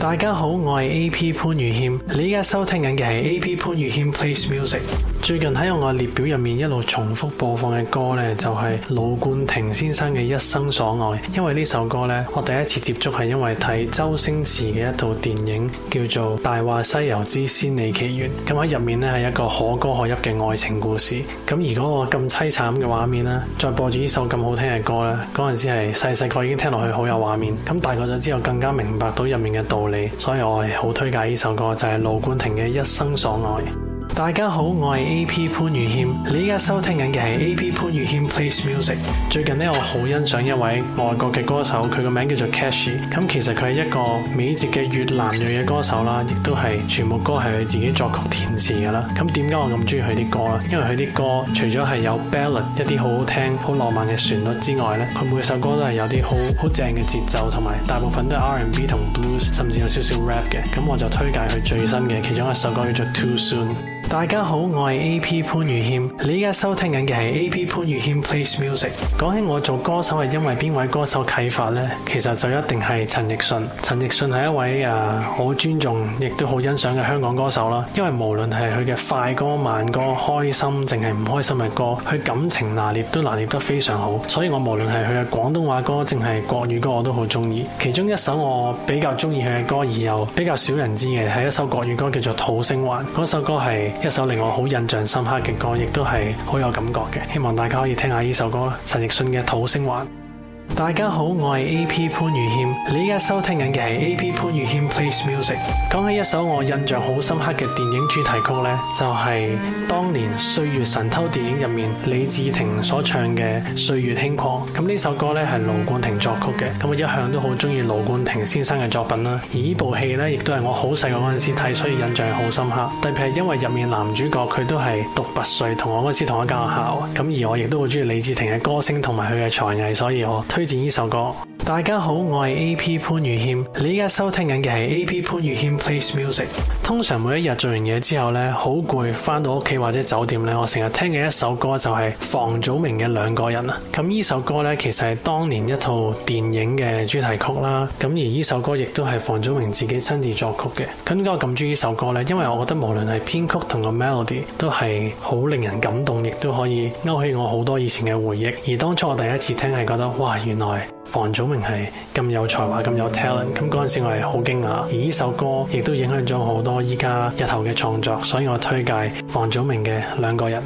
大家好，我係 A P 潘宇謙，你依家收聽緊嘅係 A P 潘宇謙 Plays Music。最近喺我嘅列表入面一路重複播放嘅歌呢、就是，就係盧冠廷先生嘅一生所愛。因為呢首歌呢，我第一次接觸係因為睇周星馳嘅一套電影叫做《大話西遊之仙履奇緣》。咁喺入面呢，係一個可歌可泣嘅愛情故事。咁如果我咁淒慘嘅畫面呢，再播住呢首咁好聽嘅歌呢，嗰陣時係細細個已經聽落去好有畫面。咁大個咗之後，更加明白到入面嘅道理。所以我好推介呢首歌，就係盧冠廷嘅《一生所愛》。大家好，我係 A P 潘宇謙，你依家收聽緊嘅係 A P 潘宇謙 plays music。最近呢，我好欣賞一位外國嘅歌手，佢個名叫做 Cashy。咁其實佢係一個美籍嘅越南裔嘅歌手啦，亦都係全部歌係佢自己作曲填詞噶啦。咁點解我咁中意佢啲歌咧？因為佢啲歌除咗係有 ballad 一啲好好聽、好浪漫嘅旋律之外呢，佢每首歌都係有啲好好正嘅節奏，同埋大部分都係 R and B 同 blues，甚至有少少 rap 嘅。咁我就推介佢最新嘅其中一首歌叫做 Too Soon。大家好，我係 A P 潘宇謙。你依家收聽緊嘅係 A P 潘宇謙 Plays Music。講起我做歌手係因為邊位歌手啟發呢？其實就一定係陳奕迅。陳奕迅係一位啊好尊重，亦都好欣賞嘅香港歌手啦。因為無論係佢嘅快歌、慢歌、開心定係唔開心嘅歌，佢感情拿捏都拿捏得非常好。所以，我無論係佢嘅廣東話歌，定係國語歌，我都好中意。其中一首我比較中意佢嘅歌，而又比較少人知嘅係一首國語歌，叫做《土星環》。嗰首歌係一首令我好印象深刻嘅歌，亦都係好有感覺嘅，希望大家可以聽下呢首歌，陳奕迅嘅《土星環》。大家好，我係 AP 潘宇謙，你依家收聽緊嘅係 AP 潘宇謙 Plays Music。講起一首我印象好深刻嘅電影主題曲呢，就係、是、當年《歲月神偷》電影入面李治廷所唱嘅《歲月輕狂》。咁呢首歌呢，係盧冠廷作曲嘅，咁我一向都好中意盧冠廷先生嘅作品啦。而呢部戲呢，亦都係我好細個嗰陣時睇，所以印象好深刻。特別係因為入面男主角佢都係讀拔萃，同我嗰時同一間學校。咁而我亦都好中意李治廷嘅歌聲同埋佢嘅才藝，所以我。推薦呢首歌。大家好，我係 A.P. 潘宇謙。你依家收聽緊嘅係 A.P. 潘宇謙 Plays Music。通常每一日做完嘢之後咧，好攰，翻到屋企或者酒店咧，我成日聽嘅一首歌就係房祖名嘅《兩個人》啊。咁呢首歌咧，其實係當年一套電影嘅主題曲啦。咁而呢首歌亦都係房祖名自己親自作曲嘅。咁點解我咁中意呢首歌咧？因為我覺得無論係編曲同個 melody 都係好令人感動，亦都可以勾起我好多以前嘅回憶。而當初我第一次聽係覺得哇！原來房祖名係咁有才華、咁 有 talent，咁嗰陣時我係好驚訝，而呢首歌亦都影響咗好多依家日後嘅創作，所以我推介房祖名嘅《兩個人》。